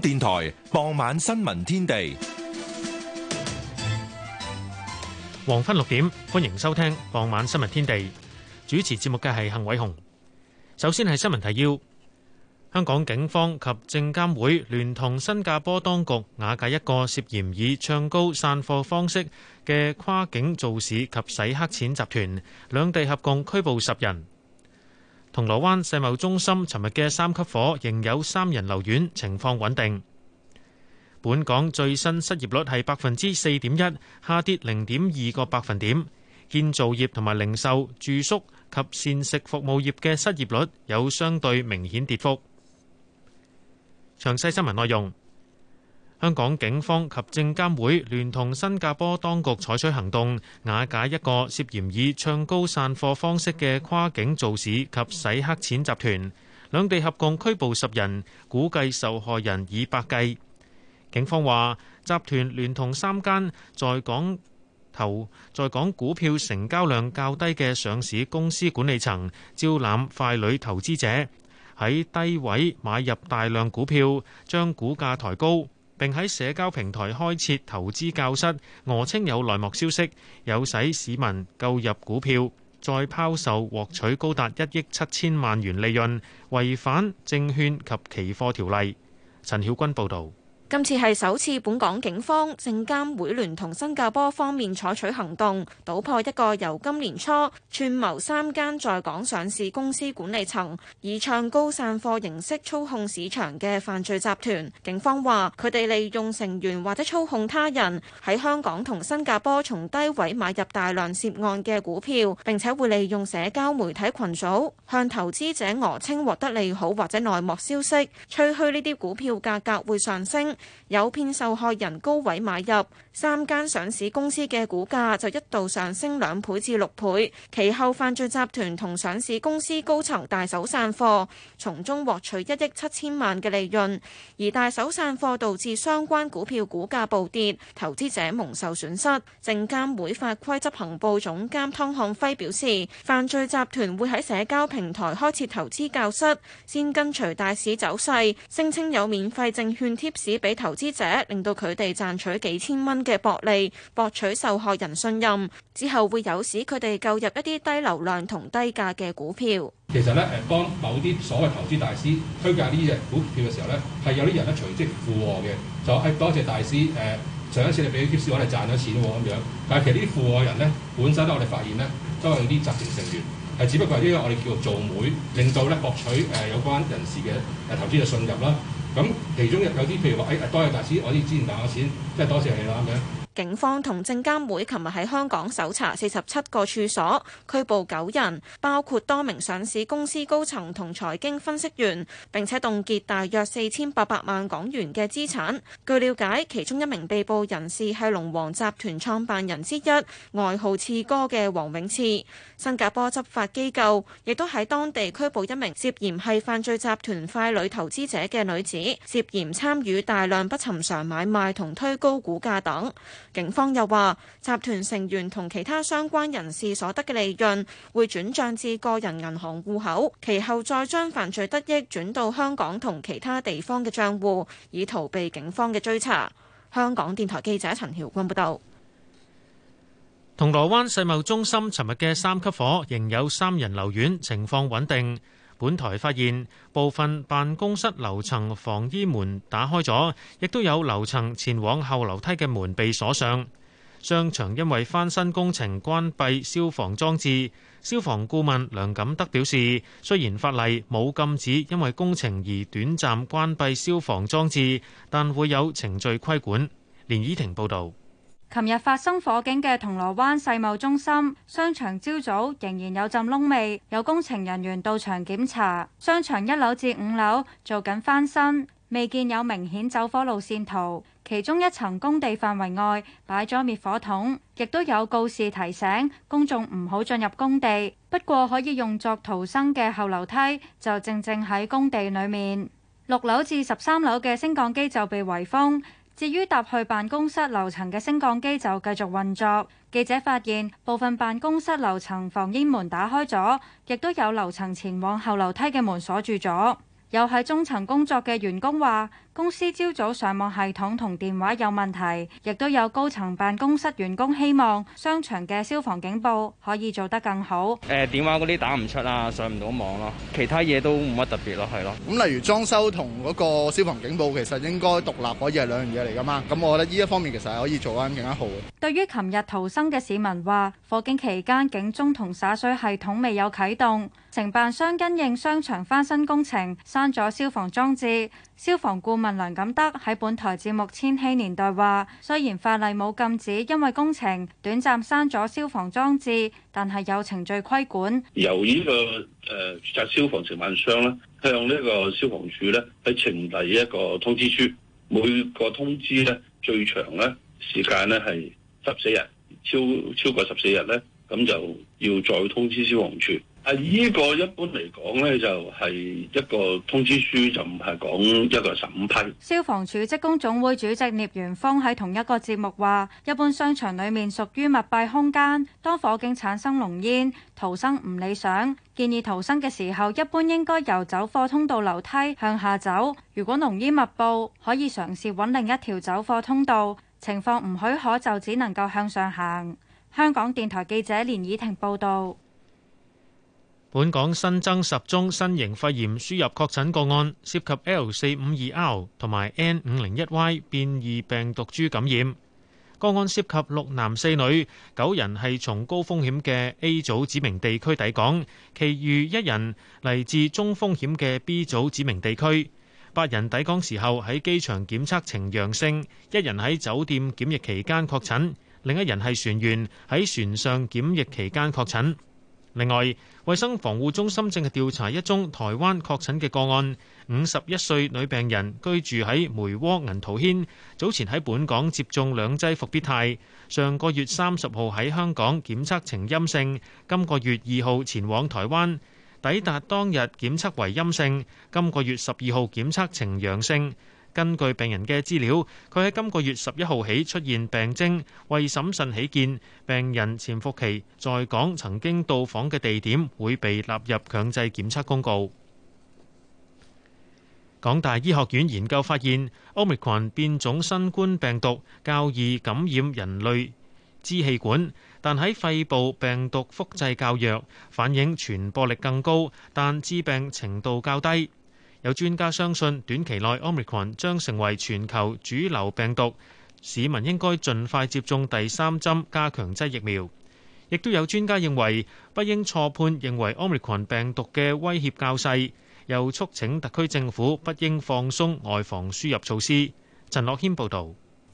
電台傍晚新聞天地，黃昏六點，歡迎收聽傍晚新聞天地。主持節目嘅係幸偉雄。首先係新聞提要：香港警方及證監會聯同新加坡當局，瓦解一個涉嫌以唱高散貨方式嘅跨境造市及洗黑錢集團，兩地合共拘捕十人。銅鑼灣世貿中心尋日嘅三級火，仍有三人留院，情況穩定。本港最新失業率係百分之四點一，下跌零點二個百分點。建造業同埋零售、住宿及膳食服務業嘅失業率有相對明顯跌幅。詳細新聞內容。香港警方及證監會聯同新加坡當局採取行動，瓦解一個涉嫌以唱高散貨方式嘅跨境造市及洗黑錢集團。兩地合共拘捕十人，估計受害人以百計。警方話，集團聯同三間在港投在港股票成交量較低嘅上市公司管理層，招攬快旅投資者喺低位買入大量股票，將股價抬高。並喺社交平台開設投資教室，訛稱有內幕消息，誘使市民購入股票，再拋售獲取高達一億七千萬元利潤，違反證券及期貨條例。陳曉君報導。今次係首次，本港警方證監會聯同新加坡方面採取行動，搗破一個由今年初串謀三間在港上市公司管理層以唱高散貨形式操控市場嘅犯罪集團。警方話，佢哋利用成員或者操控他人喺香港同新加坡從低位買入大量涉案嘅股票，並且會利用社交媒體群組向投資者訛稱獲得利好或者內幕消息，吹噓呢啲股票價格會上升。誘騙受害人高位買入。三間上市公司嘅股價就一度上升兩倍至六倍，其後犯罪集團同上市公司高層大手散貨，從中獲取一億七千萬嘅利潤。而大手散貨導致相關股票股價暴跌，投資者蒙受損失。證監會法規執行部總監湯漢輝表示，犯罪集團會喺社交平台開設投資教室，先跟隨大市走勢，聲稱有免費證券貼士俾投資者，令到佢哋賺取幾千蚊。嘅薄利，博取受害人信任，之後會誘使佢哋購入一啲低流量同低價嘅股票。其實咧，誒，幫某啲所謂投資大師推介呢隻股票嘅時候咧，係有啲人咧隨即附和嘅，就話誒，多謝、謝大師，誒，上一次你俾啲貼士我哋賺咗錢喎咁樣。但係其實呢啲附和人咧，本身咧我哋發現咧，都係啲集團成，成員，係只不過係因為我哋叫做做媒，令到咧博取誒有關人士嘅誒投資嘅信任啦。咁其中有有啲譬如話，誒、哎，多謝大師，我啲之前打嘅錢，真係多謝你啦，啱唔警方同證監會琴日喺香港搜查四十七個處所，拘捕九人，包括多名上市公司高層同財經分析員，並且凍結大約四千八百萬港元嘅資產。據了解，其中一名被捕人士係龍王集團創辦人之一，外號刺哥嘅黃永賜。新加坡執法機構亦都喺當地拘捕一名涉嫌係犯罪集團傀儡投資者嘅女子，涉嫌參與大量不尋常買賣同推高股價等。警方又話，集團成員同其他相關人士所得嘅利潤會轉帳至個人銀行戶口，其後再將犯罪得益轉到香港同其他地方嘅帳戶，以逃避警方嘅追查。香港電台記者陳曉君報道。銅鑼灣世貿中心尋日嘅三級火，仍有三人留院，情況穩定。本台發現部分辦公室樓層防煙門打開咗，亦都有樓層前往後樓梯嘅門被鎖上。商場因為翻新工程關閉消防裝置，消防顧問梁錦德表示，雖然法例冇禁止因為工程而短暫關閉消防裝置，但會有程序規管。連依婷報導。琴日發生火警嘅銅鑼灣世貿中心商場，朝早仍然有陣燶味，有工程人員到場檢查。商場一樓至五樓做緊翻新，未見有明顯走火路線圖。其中一層工地範圍外擺咗滅火筒，亦都有告示提醒公眾唔好進入工地。不過可以用作逃生嘅後樓梯就正正喺工地裏面。六樓至十三樓嘅升降機就被圍封。至於搭去辦公室樓層嘅升降機就繼續運作。記者發現部分辦公室樓層防煙門打開咗，亦都有樓層前往後樓梯嘅門鎖住咗。有喺中層工作嘅員工話。公司朝早上網系統同電話有問題，亦都有高層辦公室員工希望商場嘅消防警報可以做得更好。誒、呃，電話嗰啲打唔出呀，上唔到網咯，其他嘢都冇乜特別咯，係咯。咁、嗯、例如裝修同嗰個消防警報，其實應該獨立，可以係兩樣嘢嚟噶嘛。咁我覺得呢一方面其實係可以做翻更加好。對於琴日逃生嘅市民話，火警期間警鐘同灑水系統未有啟動，承辦商跟應商場翻新工程刪咗消防裝置。消防顧問梁錦德喺本台節目《千禧年代》話，雖然法例冇禁止，因為工程短暫刪咗消防裝置，但係有程序規管。由呢個誒住宅消防承辦商咧，向呢個消防處咧，係呈遞一個通知書。每個通知咧，最長咧時間咧係十四日，超超過十四日咧，咁就要再通知消防處。啊！呢個一般嚟講呢就係一個通知書，就唔係講一個審批。消防處職工總會主席聶元峰喺同一個節目話，一般商場裏面屬於密閉空間，當火警產生濃煙，逃生唔理想，建議逃生嘅時候，一般應該由走貨通道樓梯向下走。如果濃煙密布，可以嘗試揾另一條走貨通道。情況唔許可，就只能夠向上行。香港電台記者連以婷報道。本港新增十宗新型肺炎輸入確診個案，涉及 L 四五二 R 同埋 N 五零一 Y 變異病毒株感染。個案涉及六男四女，九人係從高風險嘅 A 組指明地區抵港，其餘一人嚟自中風險嘅 B 組指明地區，八人抵港時候喺機場檢測呈陽性，一人喺酒店檢疫期間確診，另一人係船員喺船上檢疫期間確診。另外，衛生防護中心正係調查一宗台灣確診嘅個案，五十一歲女病人居住喺梅窩銀桃軒，早前喺本港接種兩劑復必泰，上個月三十號喺香港檢測呈陰性，今個月二號前往台灣，抵達當日檢測為陰性，今個月十二號檢測呈陽性。根據病人嘅資料，佢喺今個月十一號起出現病徵，為審慎起見，病人潛伏期在港曾經到訪嘅地點會被納入強制檢測公告。港大醫學院研究發現，Omicron 變種新冠病毒較易感染人類支氣管，但喺肺部病毒複製較弱，反映傳播力更高，但致病程度較低。有專家相信，短期內 Omicron 將成為全球主流病毒，市民應該盡快接種第三針加強劑疫苗。亦都有專家認為，不應錯判認為 Omicron 病毒嘅威脅較細，又促請特區政府不應放鬆外防輸入措施。陳樂軒報導，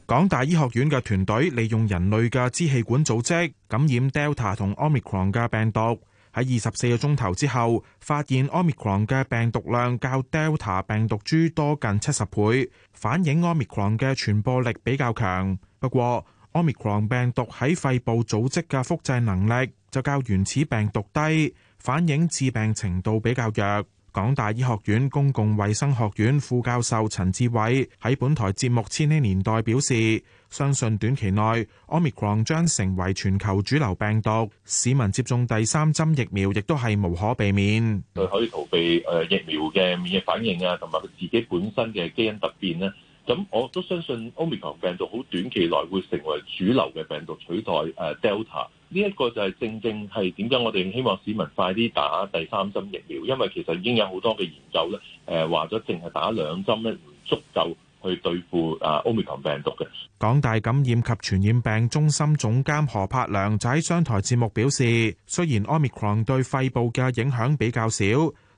港大醫學院嘅團隊利用人類嘅支氣管組織感染 Delta 同 Omicron 嘅病毒。喺二十四個鐘頭之後，發現 Omicron 嘅病毒量較 Delta 病毒株多近七十倍，反映 Omicron 嘅傳播力比較強。不過，Omicron 病毒喺肺部組織嘅複製能力就較原始病毒低，反映致病程度比較弱。港大醫學院公共衛生學院副教授陳志偉喺本台節目《千禧年代》表示，相信短期內 Omicron 將成為全球主流病毒，市民接種第三針疫苗亦都係無可避免。佢可以逃避誒疫苗嘅免疫反應啊，同埋佢自己本身嘅基因突變咧。咁我都相信 Omicron 病毒好短期內會成為主流嘅病毒，取代誒 Delta。呢一個就係正正係點解我哋希望市民快啲打第三針疫苗，因為其實已經有好多嘅研究咧，誒話咗淨係打兩針咧，唔足夠去對付啊 Omicron 病毒嘅。港大感染及傳染病中心總監何柏良就喺商台節目表示，雖然 Omicron 對肺部嘅影響比較少，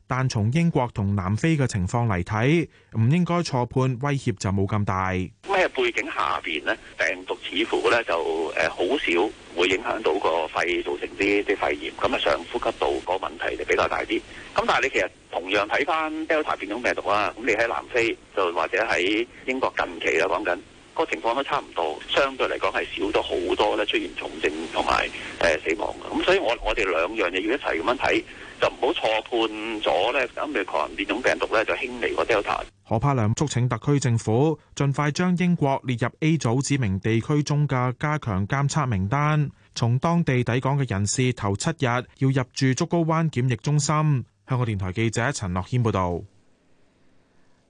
但從英國同南非嘅情況嚟睇，唔應該錯判威脅就冇咁大。背景下邊咧，病毒似乎咧就誒好少會影響到個肺，造成啲啲肺炎。咁啊上呼吸道個問題就比較大啲。咁但係你其實同樣睇翻 Delta 變種病毒啦，咁你喺南非就或者喺英國近期啦講緊，個情況都差唔多，相對嚟講係少咗好多咧出現重症同埋誒死亡嘅。咁所以我我哋兩樣嘢要一齊咁樣睇。就唔好錯判咗咧，咁譬如話，呢種病毒咧就輕微過 Delta。何柏良促請特區政府盡快將英國列入 A 組指明地區中嘅加強監測名單，從當地抵港嘅人士頭七日要入住竹篙灣檢疫中心。香港電台記者陳樂軒報導。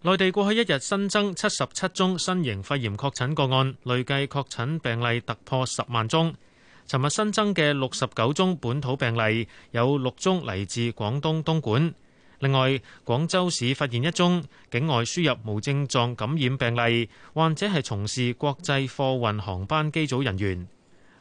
內地過去一日新增七十七宗新型肺炎確診個案，累計確診病例突破十萬宗。尋日新增嘅六十九宗本土病例，有六宗嚟自廣東東莞。另外，廣州市發現一宗境外輸入無症狀感染病例，患者係從事國際貨運航班機組人員。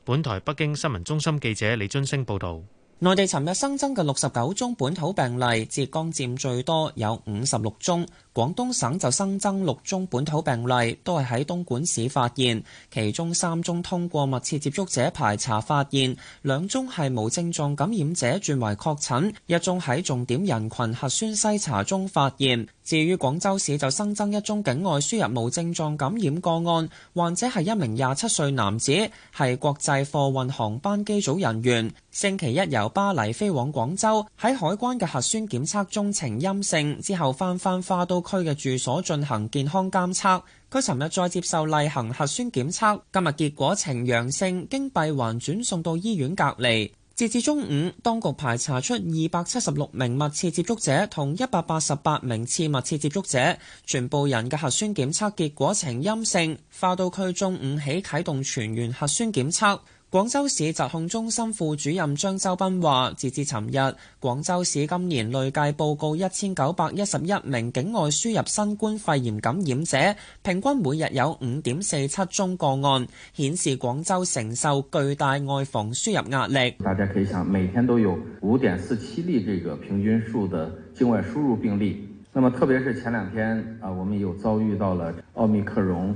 本台北京新聞中心記者李俊升報道。內地尋日新增嘅六十九宗本土病例，浙江佔最多，有五十六宗。廣東省就新增六宗本土病例，都係喺東莞市發現，其中三宗通過密切接觸者排查發現，兩宗係無症狀感染者轉為確診，一宗喺重點人群核酸篩查中發現。至於廣州市就新增一宗境外輸入無症狀感染個案，患者係一名廿七歲男子，係國際貨運航班機組人員，星期一由巴黎飛往廣州，喺海關嘅核酸檢測中呈陰性，之後翻返花都，區嘅住所進行健康監測，佢尋日再接受例行核酸檢測，今日結果呈陽性，經閉環轉送到醫院隔離。截至中午，當局排查出二百七十六名密切接觸者，同一百八十八名次密切接觸者，全部人嘅核酸檢測結果呈陰性。花都區中午起啟動全員核酸檢測。廣州市疾控中心副主任張周斌話，截至尋日，廣州市今年累計報告一千九百一十一名境外輸入新冠肺炎感染者，平均每日有五點四七宗個案，顯示廣州承受巨大外防輸入壓力。大家可以想，每天都有五點四七例這個平均數的境外輸入病例，那麼特別是前兩天，啊，我們又遭遇到了奧密克戎。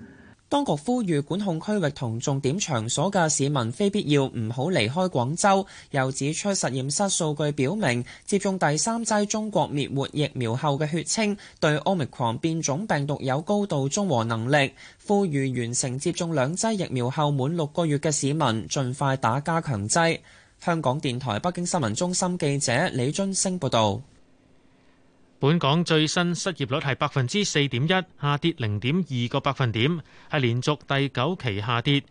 當局呼籲管控區域同重點場所嘅市民非必要唔好離開廣州。又指出實驗室數據表明，接種第三劑中國滅活疫苗後嘅血清對奧密克戎變種病毒有高度中和能力。呼籲完成接種兩劑疫苗後滿六個月嘅市民盡快打加強劑。香港電台北京新聞中心記者李津星報道。本港最新失業率係百分之四點一，下跌零點二個百分點，係連續第九期下跌。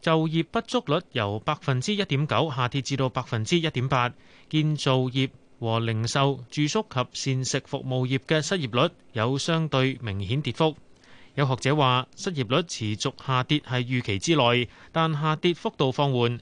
就業不足率由百分之一點九下跌至到百分之一點八。建造業和零售、住宿及膳食服務業嘅失業率有相對明顯跌幅。有學者話，失業率持續下跌係預期之內，但下跌幅度放緩。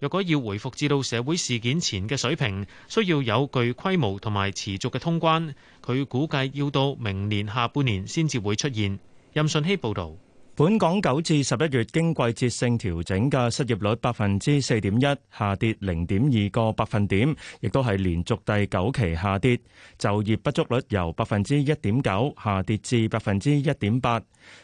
若果要回復至到社會事件前嘅水平，需要有具規模同埋持續嘅通關，佢估計要到明年下半年先至會出現。任信希報導，本港九至十一月經季節性調整嘅失業率百分之四點一，下跌零點二個百分點，亦都係連續第九期下跌，就業不足率由百分之一點九下跌至百分之一點八。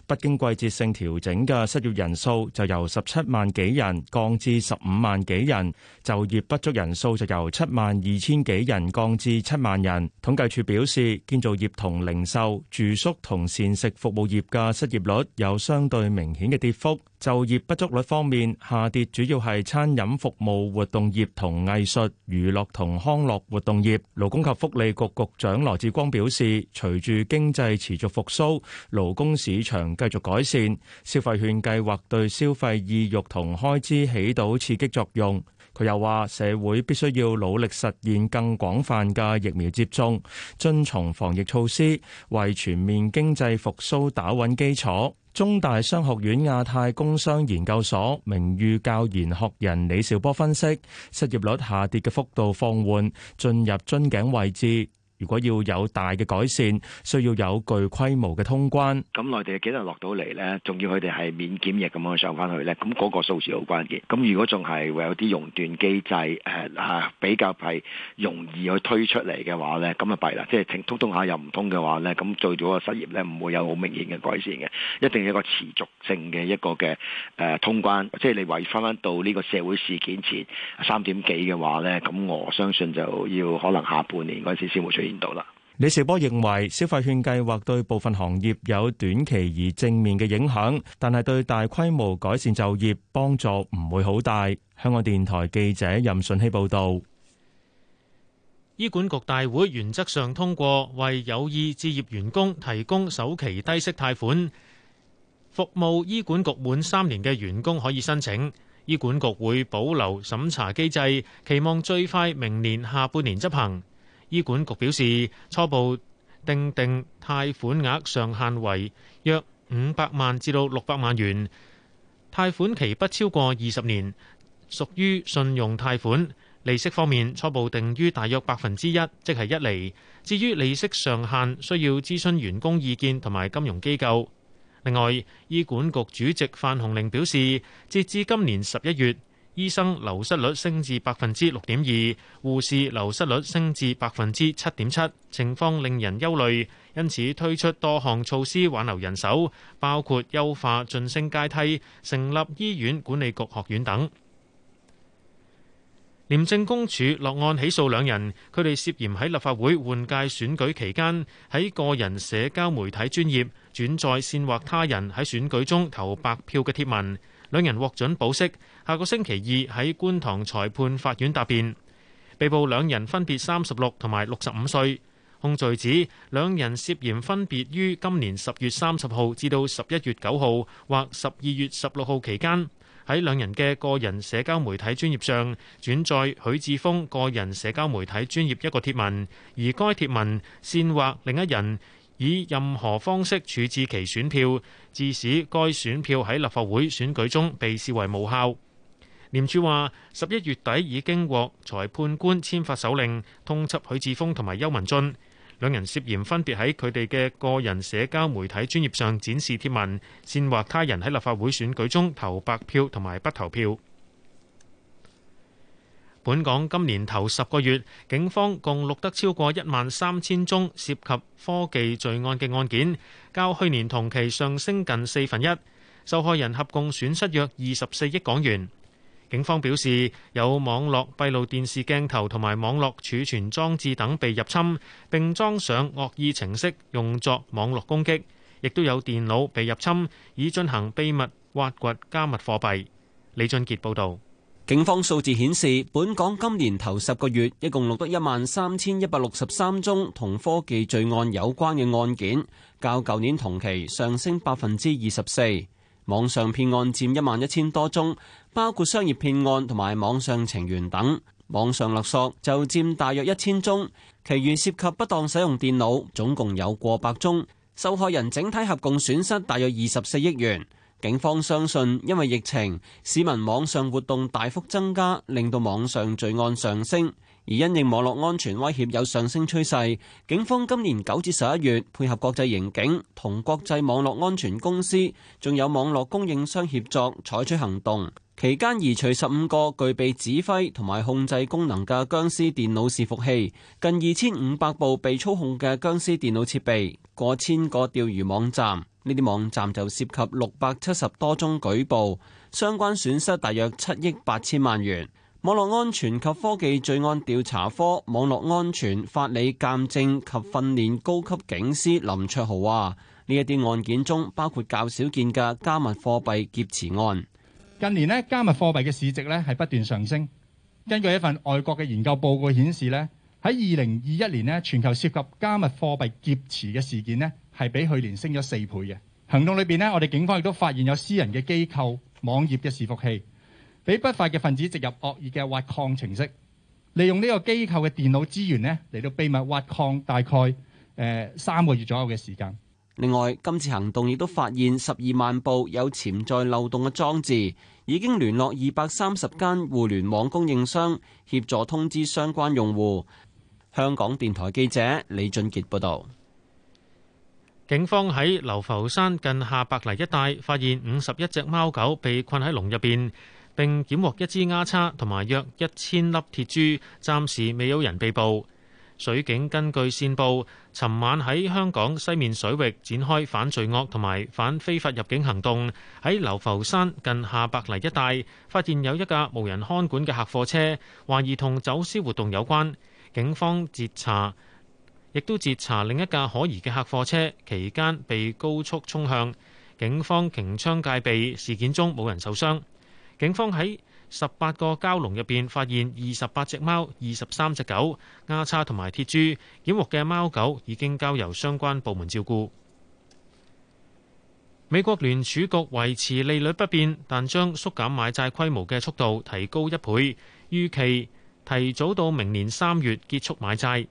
不經季節性調整嘅失業人數就由十七萬幾人降至十五萬幾人，就業不足人數就由七萬二千幾人降至七萬人。統計處表示，建造業同零售、住宿同膳食服務業嘅失業率有相對明顯嘅跌幅。就業不足率方面，下跌主要係餐飲服務活動業同藝術娛樂同康樂活動業。勞工及福利局局長羅致光表示，隨住經濟持續復甦，勞工市場繼續改善，消費券計劃對消費意欲同開支起到刺激作用。佢又話，社會必須要努力實現更廣泛嘅疫苗接種，遵從防疫措施，為全面經濟復甦打穩基礎。中大商學院亞太工商研究所名譽教研學人李兆波分析，失業率下跌嘅幅度放緩，進入樽頸位置。如果要有大嘅改善，需要有具規模嘅通關。咁內地幾多人落到嚟咧？仲要佢哋係免檢疫咁樣上翻去咧？咁嗰個數字好關鍵。咁如果仲係會有啲熔斷機制，誒比較係容易去推出嚟嘅話咧，咁啊弊啦！即係通通下又唔通嘅話咧，咁對住個失業咧，唔會有好明顯嘅改善嘅。一定係一個持續性嘅一個嘅誒通關，即係你話翻翻到呢個社會事件前三點幾嘅話咧，咁我相信就要可能下半年嗰陣時先會出現。見到啦。李兆波認為消費券計劃對部分行業有短期而正面嘅影響，但係對大規模改善就業幫助唔會好大。香港電台記者任順希報道。醫管局大會原則上通過，為有意置業員工提供首期低息貸款。服務醫管局滿三年嘅員工可以申請。醫管局會保留審查機制，期望最快明年下半年執行。醫管局表示，初步訂定貸款額上限為約五百萬至到六百萬元，貸款期不超過二十年，屬於信用貸款。利息方面，初步訂於大約百分之一，即係一厘。至於利息上限，需要諮詢員工意見同埋金融機構。另外，醫管局主席范鴻齡表示，截至今年十一月，醫生流失率升至百分之六點二，護士流失率升至百分之七點七，情況令人憂慮。因此推出多項措施挽留人手，包括優化晉升階梯、成立醫院管理局學院等。廉政公署落案起訴兩人，佢哋涉嫌喺立法會換屆選舉期間，喺個人社交媒體專頁轉載煽惑他人喺選舉中投白票嘅帖文。兩人獲准保釋，下個星期二喺觀塘裁判法院答辯。被捕兩人分別三十六同埋六十五歲。控罪指兩人涉嫌分別於今年十月三十號至到十一月九號或十二月十六號期間，喺兩人嘅個人社交媒體專頁上轉載許智峰個人社交媒體專頁一個貼文，而該貼文煽惑另一人。以任何方式處置其選票，致使該選票喺立法會選舉中被視為無效。廉署話十一月底已經獲裁判官簽發手令，通緝許智峰、同埋邱文俊兩人涉嫌分別喺佢哋嘅個人社交媒體專頁上展示貼文，煽惑他人喺立法會選舉中投白票同埋不投票。本港今年頭十個月，警方共錄得超過一萬三千宗涉及科技罪案嘅案件，較去年同期上升近四分一。受害人合共損失約二十四億港元。警方表示，有網絡閉路電視鏡頭同埋網絡儲存裝置等被入侵，並裝上惡意程式用作網絡攻擊，亦都有電腦被入侵，以進行秘密挖掘加密貨幣。李俊傑報導。警方數字顯示，本港今年頭十個月一共錄得一萬三千一百六十三宗同科技罪案有關嘅案件，較舊年同期上升百分之二十四。網上騙案佔一萬一千多宗，包括商業騙案同埋網上情緣等；網上勒索就佔大約一千宗，其餘涉及不當使用電腦，總共有過百宗。受害人整體合共損失大約二十四億元。警方相信，因為疫情，市民網上活動大幅增加，令到網上罪案上升，而因應網絡安全威脅有上升趨勢，警方今年九至十一月配合國際刑警同國際網絡安全公司，仲有網絡供應商協助採取行動，期間移除十五個具備指揮同埋控制功能嘅僵屍電腦伺服器，近二千五百部被操控嘅僵屍電腦設備，過千個釣魚網站。呢啲網站就涉及六百七十多宗舉報，相關損失大約七億八千萬元。網絡安全及科技罪案調查科、網絡安全法理鑑證及訓練高級警司林卓豪話：呢一啲案件中，包括較少見嘅加密貨幣劫持案。近年呢，加密貨幣嘅市值呢係不斷上升。根據一份外國嘅研究報告顯示呢，喺二零二一年呢，全球涉及加密貨幣劫持嘅事件呢，係比去年升咗四倍嘅，行動裏邊呢，我哋警方亦都發現有私人嘅機構網頁嘅伺服器，俾不法嘅分子植入惡意嘅挖礦程式，利用呢個機構嘅電腦資源呢嚟到秘密挖礦，大概誒、呃、三個月左右嘅時間。另外，今次行動亦都發現十二萬部有潛在漏洞嘅裝置，已經聯絡二百三十間互聯網供應商協助通知相關用戶。香港電台記者李俊傑報道。警方喺流浮山近下白泥一帶發現五十一隻貓狗被困喺籠入邊，並檢獲一支丫叉同埋約一千粒鐵珠。暫時未有人被捕。水警根據線報，尋晚喺香港西面水域展開反罪惡同埋反非法入境行動。喺流浮山近下白泥一帶發現有一架無人看管嘅客貨車，懷疑同走私活動有關，警方截查。亦都截查另一架可疑嘅客貨車，期間被高速衝向，警方擎槍戒備，事件中冇人受傷，警方喺十八個膠籠入邊發現二十八隻貓、二十三隻狗、鴨叉同埋鐵珠，檢獲嘅貓狗已經交由相關部門照顧。美國聯儲局維持利率不變，但將縮減買債規模嘅速度提高一倍，預期提早到明年三月結束買債。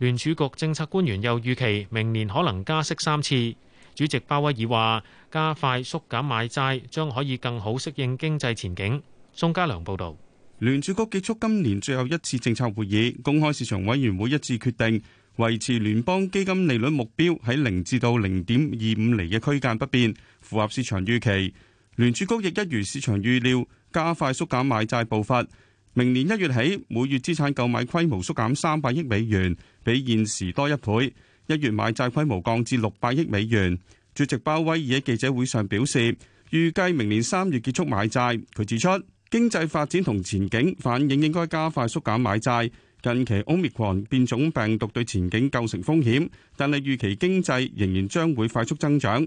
聯儲局政策官員又預期明年可能加息三次。主席鮑威爾話：加快縮減買債，將可以更好適應經濟前景。宋家良報導。聯儲局結束今年最後一次政策會議，公開市場委員會一致決定維持聯邦基金利率目標喺零至到零點二五厘嘅區間不變，符合市場預期。聯儲局亦一如市場預料，加快縮減買債步伐。明年一月起，每月資產購買規模縮減三百億美元，比現時多一倍。一月買債規模降至六百億美元。主席鮑威爾喺記者會上表示，預計明年三月結束買債。佢指出，經濟發展同前景反映應該加快縮減買債。近期 Omicron 變種病毒對前景構成風險，但係預期經濟仍然將會快速增長。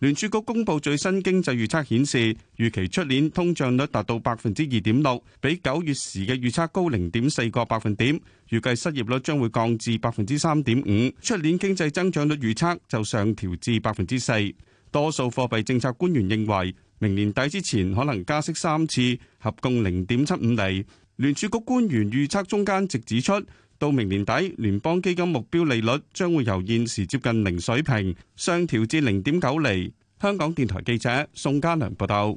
聯儲局公布最新經濟預測顯示，預期出年通脹率達到百分之二點六，比九月時嘅預測高零點四個百分點。預計失業率將會降至百分之三點五，出年經濟增長率預測就上調至百分之四。多數貨幣政策官員認為，明年底之前可能加息三次，合共零點七五厘。聯儲局官員預測中間值指出，到明年底，聯邦基金目標利率將會由現時接近零水平上調至零點九厘。香港電台記者宋嘉良報道。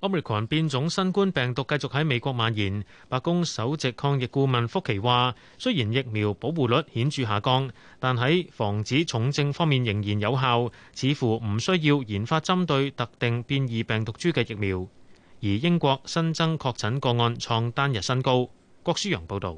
奧密克戎變種新冠病毒繼續喺美國蔓延，白宮首席抗疫顧問福奇話，雖然疫苗保護率顯著下降，但喺防止重症方面仍然有效，似乎唔需要研發針對特定變異病毒株嘅疫苗。而英國新增確診個案創單日新高。郭書陽報道。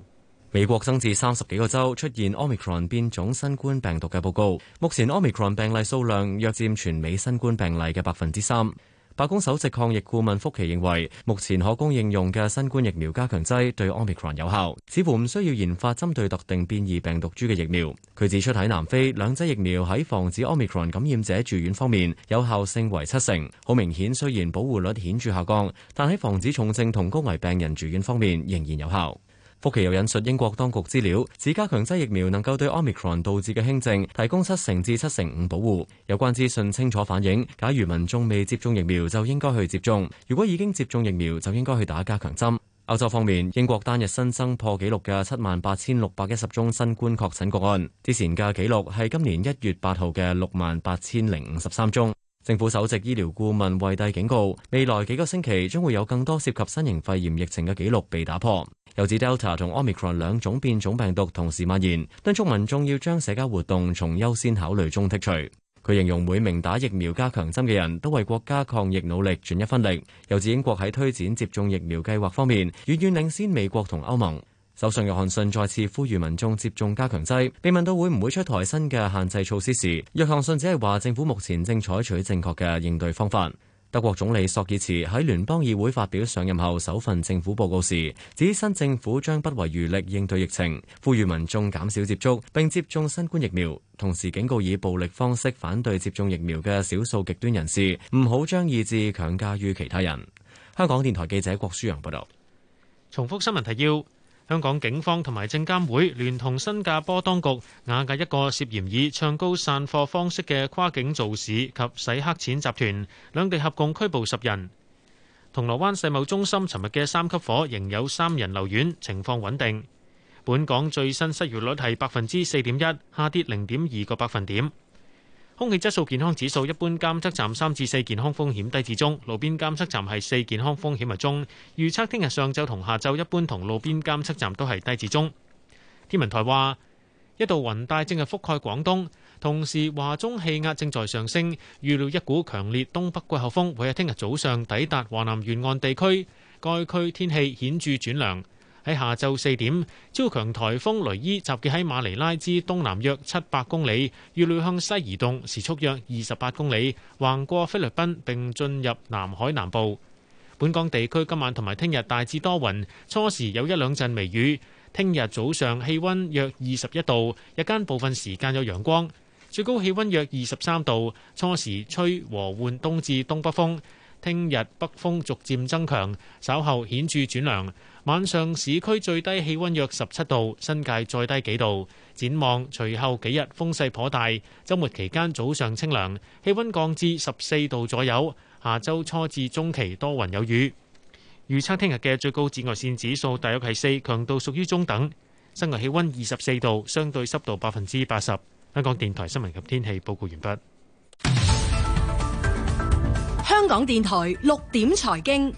美國增至三十幾個州出現 Omicron 變種新冠病毒嘅報告。目前 Omicron 病例數量約佔全美新冠病例嘅百分之三。白宮首席抗疫顧問福奇認為，目前可供應用嘅新冠疫苗加強劑對 Omicron 有效，似乎唔需要研發針對特定變異病毒株嘅疫苗。佢指出，喺南非，兩劑疫苗喺防止 Omicron 感染者住院方面有效性為七成。好明顯，雖然保護率顯著下降，但喺防止重症同高危病人住院方面仍然有效。福奇又引述英國當局資料，指加強劑疫苗能夠對 Omicron 導致嘅輕症提供七成至七成五保護。有關資訊清楚反映，假如民眾未接種疫苗，就應該去接種；如果已經接種疫苗，就應該去打加強針。歐洲方面，英國單日新增破紀錄嘅七萬八千六百一十宗新冠確診個案，之前嘅紀錄係今年一月八號嘅六萬八千零五十三宗。政府首席醫療顧問惠蒂警告，未來幾個星期將會有更多涉及新型肺炎疫情嘅紀錄被打破。又指 Delta 同 Omicron 兩種變種病毒同時蔓延，敦促民眾要將社交活動從優先考慮中剔除。佢形容每名打疫苗加強針嘅人都為國家抗疫努力盡一分力。又指英國喺推展接種疫苗計劃方面遠遠領先美國同歐盟。首相約翰遜再次呼籲民眾接種加強劑，被問到會唔會出台新嘅限制措施時，約翰遜只係話政府目前正採取正確嘅應對方法。德國總理索爾茨喺聯邦議會發表上任後首份政府報告時，指新政府將不遺餘力應對疫情，呼籲民眾減少接觸並接種新冠疫苗，同時警告以暴力方式反對接種疫苗嘅少數極端人士，唔好將意志強加於其他人。香港電台記者郭舒陽報道。重複新聞提要。香港警方同埋證監會聯同新加坡當局，瓦解一個涉嫌以唱高散貨方式嘅跨境造市及洗黑錢集團，兩地合共拘捕十人。銅鑼灣世貿中心尋日嘅三級火，仍有三人留院，情況穩定。本港最新失業率係百分之四點一，下跌零點二個百分點。空氣質素健康指數，一般監測站三至四，健康風險低至中，路邊監測站係四，健康風險係中。預測聽日上晝同下晝一般同路邊監測站都係低至中。天文台話一度雲帶正係覆蓋廣東，同時華中氣壓正在上升，預料一股強烈東北季候風會喺聽日早上抵達華南沿岸地區，該區天氣顯著轉涼。喺下晝四點，超強颱風雷伊集結喺馬尼拉之東南約七百公里，預料向西移動，時速約二十八公里，橫過菲律賓並進入南海南部。本港地區今晚同埋聽日大致多雲，初時有一兩陣微雨。聽日早上氣温約二十一度，日間部分時間有陽光，最高氣温約二十三度。初時吹和緩東至東北風。聽日北風逐漸增強，稍後顯著轉涼。晚上市區最低氣溫約十七度，新界再低幾度。展望隨後幾日風勢頗大，周末期間早上清涼，氣温降至十四度左右。下周初至中期多雲有雨。預測聽日嘅最高紫外線指數大約係四，強度屬於中等。室外氣温二十四度，相對濕度百分之八十。香港電台新聞及天氣報告完畢。香港電台六點財經，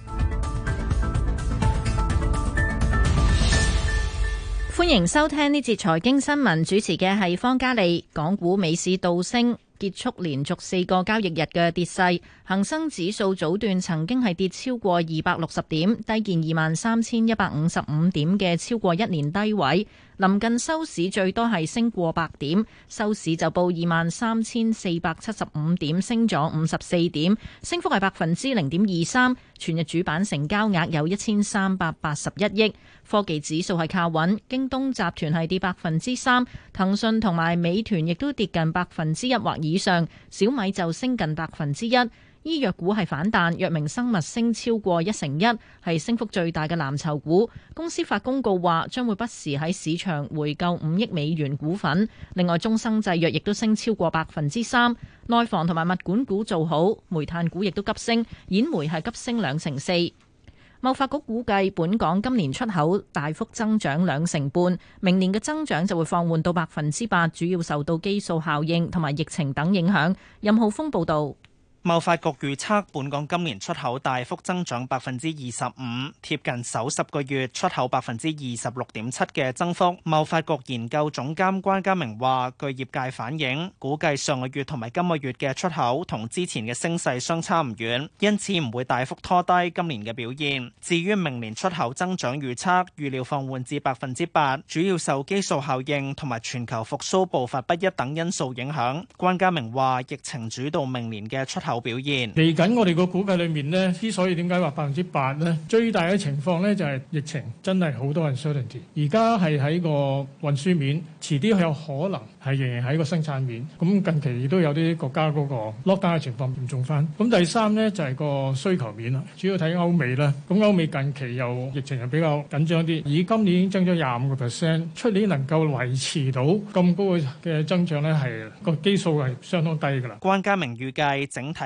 歡迎收聽呢節財經新聞。主持嘅係方嘉利。港股，尾市倒升，結束連續四個交易日嘅跌勢。恒生指數早段曾經係跌超過二百六十點，低見二萬三千一百五十五點嘅超過一年低位。臨近收市，最多係升過百點，收市就報二萬三千四百七十五點，升咗五十四點，升幅係百分之零點二三。全日主板成交額有一千三百八十一億。科技指數係靠穩，京東集團係跌百分之三，騰訊同埋美團亦都跌近百分之一或以上，小米就升近百分之一。醫藥股係反彈，藥明生物升超過一成一，係升幅最大嘅藍籌股。公司發公告話將會不時喺市場回購五億美元股份。另外，中生製藥亦都升超過百分之三。內房同埋物管股做好，煤炭股亦都急升，演煤係急升兩成四。貿發局估計，本港今年出口大幅增長兩成半，明年嘅增長就會放緩到百分之八，主要受到基數效應同埋疫情等影響。任浩峰報道。貿發局預測，本港今年出口大幅增長百分之二十五，貼近首十個月出口百分之二十六點七嘅增幅。貿發局研究總監關家明話：，據業界反映，估計上個月同埋今個月嘅出口同之前嘅升勢相差唔遠，因此唔會大幅拖低今年嘅表現。至於明年出口增長預測，預料放緩至百分之八，主要受基數效應同埋全球復蘇步伐不一等因素影響。關家明話：，疫情主導明年嘅出口。表現嚟緊，我哋個估計裏面咧，之所以點解話百分之八咧，最大嘅情況咧就係疫情真係好多人 uncertainty。而家係喺個運輸面，遲啲有可能係仍然喺個生產面。咁近期亦都有啲國家嗰個 lockdown 嘅情況嚴重翻。咁第三咧就係個需求面啦，主要睇歐美啦。咁歐美近期又疫情又比較緊張啲，以今年已經增咗廿五個 percent，出年能夠維持到咁高嘅嘅增長咧，係個基數係相當低噶啦。關家明預計整體。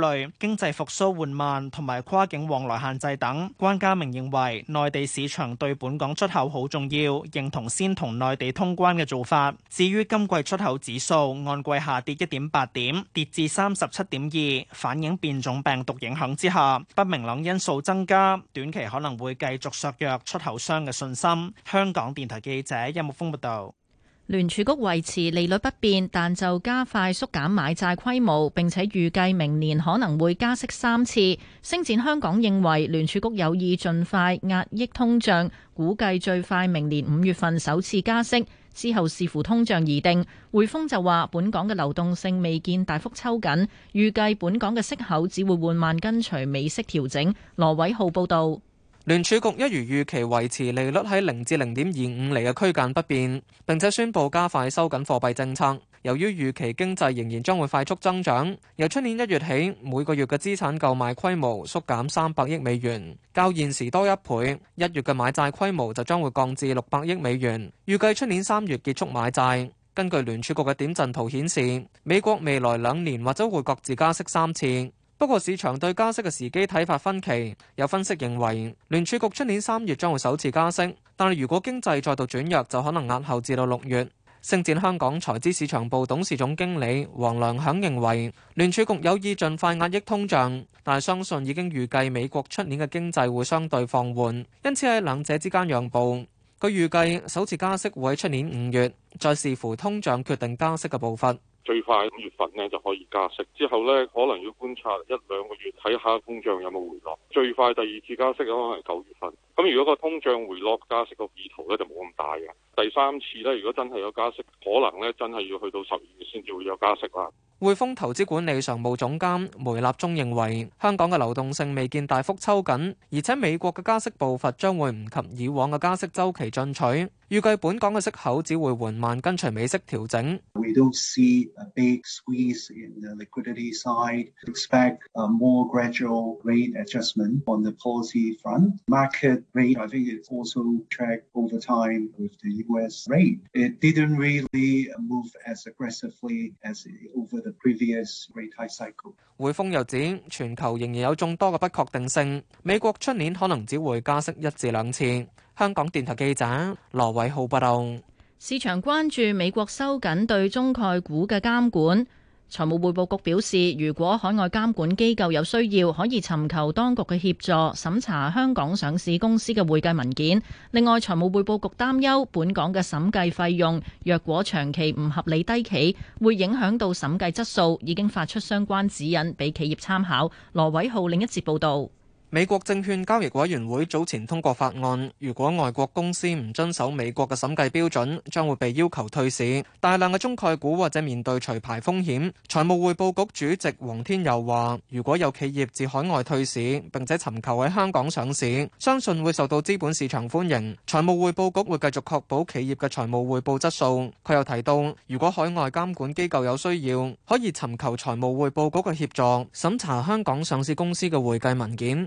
累經濟復蘇緩慢同埋跨境往來限制等，關家明認為內地市場對本港出口好重要，認同先同內地通關嘅做法。至於今季出口指數按季下跌一點八點，跌至三十七點二，反映變種病毒影響之下不明朗因素增加，短期可能會繼續削弱出口商嘅信心。香港電台記者任木峰報道。聯儲局維持利率不變，但就加快縮減買債規模，並且預計明年可能會加息三次。星展香港認為聯儲局有意盡快壓抑通脹，估計最快明年五月份首次加息，之後視乎通脹而定。匯豐就話本港嘅流動性未見大幅抽緊，預計本港嘅息口只會緩慢跟隨美息調整。羅偉浩報道。聯儲局一如預期維持利率喺零至零點二五厘嘅區間不變，並且宣布加快收緊貨幣政策。由於預期經濟仍然將會快速增長，由出年一月起每個月嘅資產購買規模縮減三百億美元，較現時多一倍。一月嘅買債規模就將會降至六百億美元，預計出年三月結束買債。根據聯儲局嘅點陣圖顯示，美國未來兩年或者會各自加息三次。不過，市場對加息嘅時機睇法分歧。有分析認為聯儲局出年三月將會首次加息，但係如果經濟再度轉弱，就可能押後至到六月。星展香港財資市場部董事總經理黃良響認為聯儲局有意盡快壓抑通脹，但係相信已經預計美國出年嘅經濟會相對放緩，因此喺兩者之間讓步。佢預計首次加息會喺出年五月，再視乎通脹決定加息嘅步伐。最快五月份呢就可以加息，之後呢可能要觀察一兩個月，睇下通脹有冇回落。最快第二次加息可能係九月份。咁如果個通脹回落，加息個意圖呢就冇咁大嘅。第三次咧，如果真係有加息可能咧，真係要去到十二月先至會有加息啦。匯豐投資管理常務總監梅立中認為香港嘅流動性未見大幅抽緊，而且美國嘅加息步伐將會唔及以往嘅加息周期進取，預計本港嘅息口只會緩慢跟隨美息調整。匯豐又指，全球仍然有眾多嘅不確定性，美國出年可能只會加息一至兩次。香港電台記者羅偉浩報道。市場關注美國收緊對中概股嘅監管。財務匯報局表示，如果海外監管機構有需要，可以尋求當局嘅協助審查香港上市公司嘅會計文件。另外，財務匯報局擔憂本港嘅審計費用，若果長期唔合理低企，會影響到審計質素，已經發出相關指引俾企業參考。羅偉浩另一節報導。美國證券交易委員會早前通過法案，如果外國公司唔遵守美國嘅審計標準，將會被要求退市。大量嘅中概股或者面對除牌風險。財務匯報局主席黃天佑話，如果有企業自海外退市，並且尋求喺香港上市，相信會受到資本市場歡迎。財務匯報局會繼續確保企業嘅財務匯報質素。佢又提到，如果海外監管機構有需要，可以尋求財務匯報局嘅協助，審查香港上市公司嘅會計文件。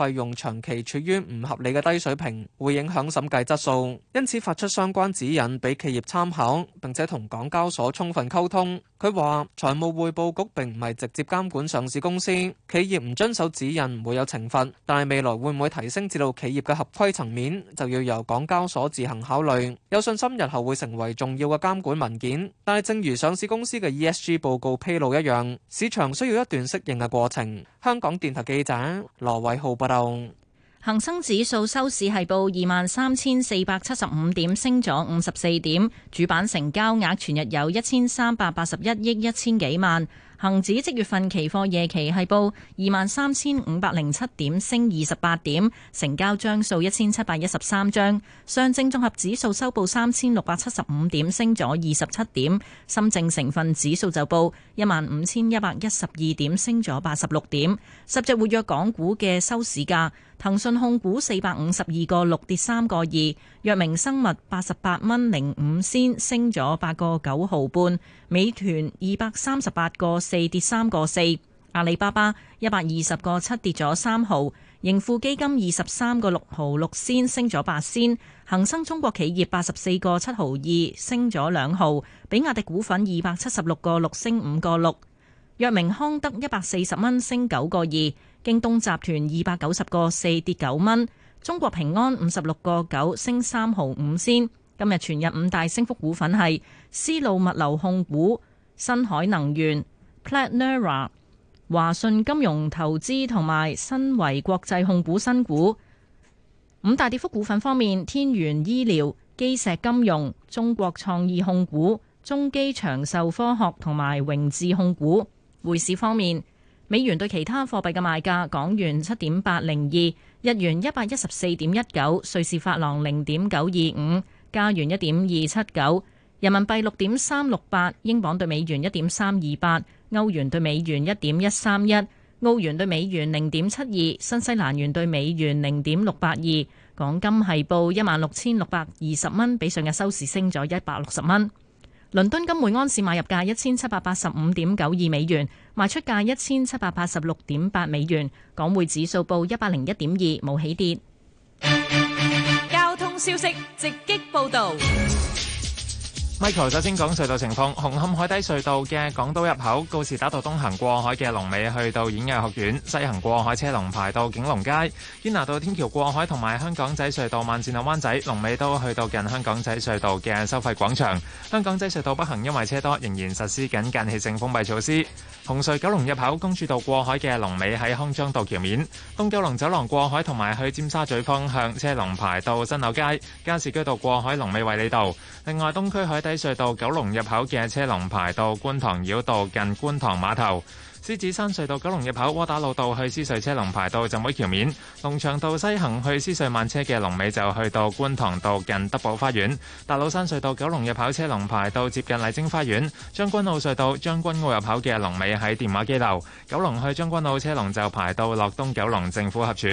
費用長期處於唔合理嘅低水平，會影響審計質素，因此發出相關指引俾企業參考，並且同港交所充分溝通。佢話財務匯報局並唔係直接監管上市公司，企業唔遵守指引唔會有懲罰，但係未來會唔會提升至到企業嘅合規層面，就要由港交所自行考慮。有信心日後會成為重要嘅監管文件，但係正如上市公司嘅 ESG 報告披露一樣，市場需要一段適應嘅過程。香港電台記者羅偉浩報道，恒生指數收市係報二萬三千四百七十五點，升咗五十四點。主板成交額全日有一千三百八十一億一千幾萬。恒指即月份期貨夜期係報二萬三千五百零七點，升二十八點，成交張數一千七百一十三張。上證綜合指數收報三千六百七十五點，升咗二十七點。深證成分指數就報一萬五千一百一十二點，升咗八十六點。十隻活躍港股嘅收市價，騰訊控股四百五十二個六跌三個二，藥明生物八十八蚊零五仙升咗八個九毫半，美團二百三十八個四跌三個四，阿里巴巴一百二十個七跌咗三毫，盈富基金二十三個六毫六仙升咗八仙，恒生中國企業八十四個七毫二升咗兩毫，比亞迪股份二百七十六個六升五個六，藥明康德一百四十蚊升九個二，京東集團二百九十個四跌九蚊，中國平安五十六個九升三毫五仙。今日全日五大升幅股份係絲路物流控股、新海能源、Platnera、Plat a, 華信金融投資同埋新維國際控股新股五大跌幅股份方面，天元醫療、基石金融、中國創意控股、中基長壽科學同埋榮智控股。匯市方面，美元對其他貨幣嘅賣價，港元七點八零二，日元一百一十四點一九，瑞士法郎零點九二五，加元一點二七九，人民幣六點三六八，英鎊對美元一點三二八。歐元對美元一點一三一，澳元對美元零點七二，新西蘭元對美元零點六八二。港金係報一萬六千六百二十蚊，比上日收市升咗一百六十蚊。倫敦金每安士買入價一千七百八十五點九二美元，賣出價一千七百八十六點八美元。港匯指數報一百零一點二，冇起跌。交通消息，直擊報道。Michael，首先講隧道情況，紅磡海底隧道嘅港島入口告士打道東行過海嘅龍尾去到演藝學院，西行過海車龍排到景隆街。堅拿道天橋過海同埋香港仔隧道慢線入灣仔，龍尾都去到近香港仔隧道嘅收費廣場。香港仔隧道北行因為車多，仍然實施緊間歇性封閉措施。紅隧九龍入口公主道過海嘅龍尾喺康莊道橋面，東九龍走廊過海同埋去尖沙咀方向車龍排到新樓街。加士居道過海龍尾衛理道。另外東區海底西隧道九龍入口嘅車龍排到觀塘繞道近觀塘碼頭。獅子山隧道九龍入口窩打老道去獅隧車龍排到浸會橋面。龍翔道西行去獅隧慢車嘅龍尾就去到觀塘道近德寶花園。大老山隧道九龍入口車龍排到接近麗晶花園。將軍澳隧道將軍澳入口嘅龍尾喺電話機樓。九龍去將軍澳車龍就排到落東九龍政府合署。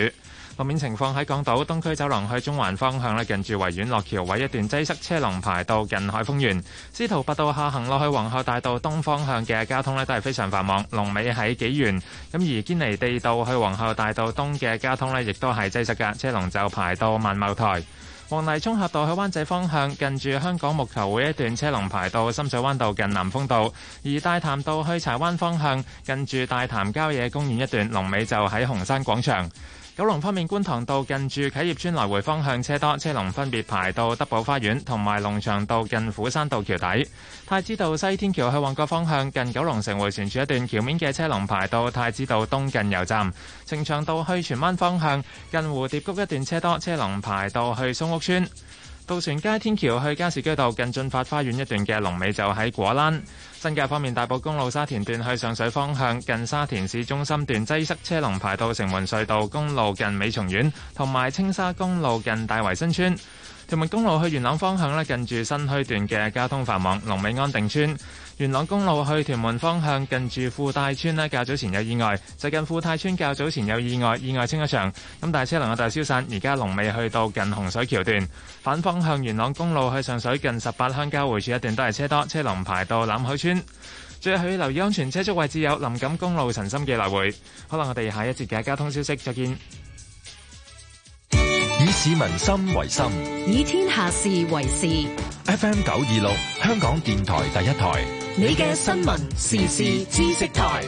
路面情況喺港島東區走廊去中環方向咧，近住維園落橋位一段擠塞，車龍排到近海峰園。司徒拔道下行落去皇后大道東方向嘅交通咧都係非常繁忙，龍尾喺紀元。咁而堅尼地道去皇后大道東嘅交通咧亦都係擠塞嘅，車龍就排到萬茂台。黃泥涌峽道去灣仔方向，近住香港木球會一段車龍排到深水灣道近南風道。而大潭道去柴灣方向，近住大潭郊野公園一段，龍尾就喺紅山廣場。九龍方面，觀塘道近住啟業邨來回方向車多，車龍分別排到德寶花園同埋龍翔道近虎山道橋底；太子道西天橋去旺角方向近九龍城回旋處一段橋面嘅車龍排到太子道東近油站；呈祥道去荃灣方向近蝴蝶谷一段車多，車龍排到去宋屋村。渡船街天橋去加士居道近進發花園一段嘅龍尾就喺果欄。新界方面，大埔公路沙田段去上水方向近沙田市中心段擠塞，車龍排到城門隧道公路近美松苑，同埋青沙公路近大圍新村。屯門公路去元朗方向咧，近住新墟段嘅交通繁忙，龍尾安定村。元朗公路去屯門方向，近住富泰村咧較早前有意外，最近富泰村較早前有意外，意外清一場，咁大車流量就消散，而家龍尾去到近洪水橋段。反方向元朗公路去上水近十八鄉交匯處一段都係車多，車龍排到濫海村。最後要留意安全車速位置有林錦公路陳心記來回。好啦，我哋下一節嘅交通消息，再見。以市民心為心，以天下事為事。FM 九二六，香港電台第一台，你嘅新聞時事知識台。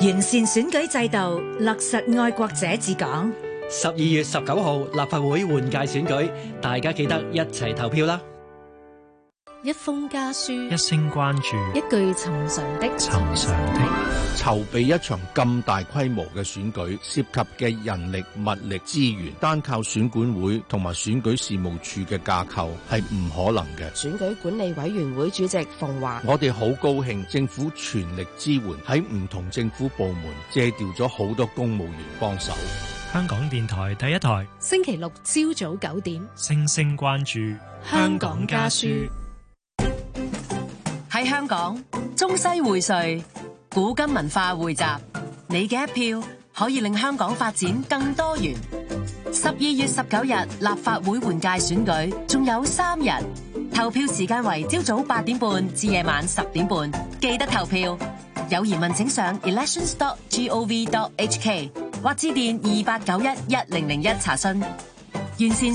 完善選舉制度，落實愛國者治港。十二月十九號立法會換屆選舉，大家記得一齊投票啦！一封家書，一聲關注，一句尋常的，尋常的，的籌備一場咁大規模嘅選舉，涉及嘅人力物力資源，單靠選管會同埋選舉事務處嘅架構係唔可能嘅。選舉管理委員會主席馮驊，我哋好高興，政府全力支援，喺唔同政府部門借調咗好多公務員幫手。香港電台第一台，星期六朝早九點，聲聲關注香港家書。喺香港，中西薈萃，古今文化匯集。你嘅一票可以令香港發展更多元。十二月十九日立法會換屆選舉仲有三日，投票時間為朝早八點半至夜晚十點半，記得投票。有疑問請上 elections.gov.hk 或致電二八九一一零零一查詢。完善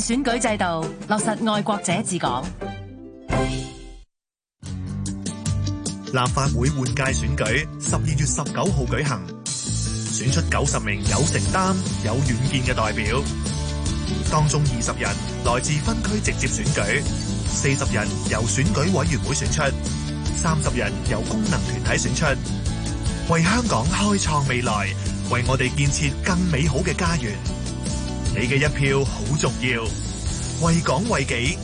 選舉制度，落實愛國者治港。立法會換屆選舉十二月十九號舉行，選出九十名有承擔、有遠見嘅代表。當中二十人來自分區直接選舉，四十人由選舉委員會選出，三十人由功能團體選出。為香港開創未來，為我哋建設更美好嘅家園，你嘅一票好重要，為港為己。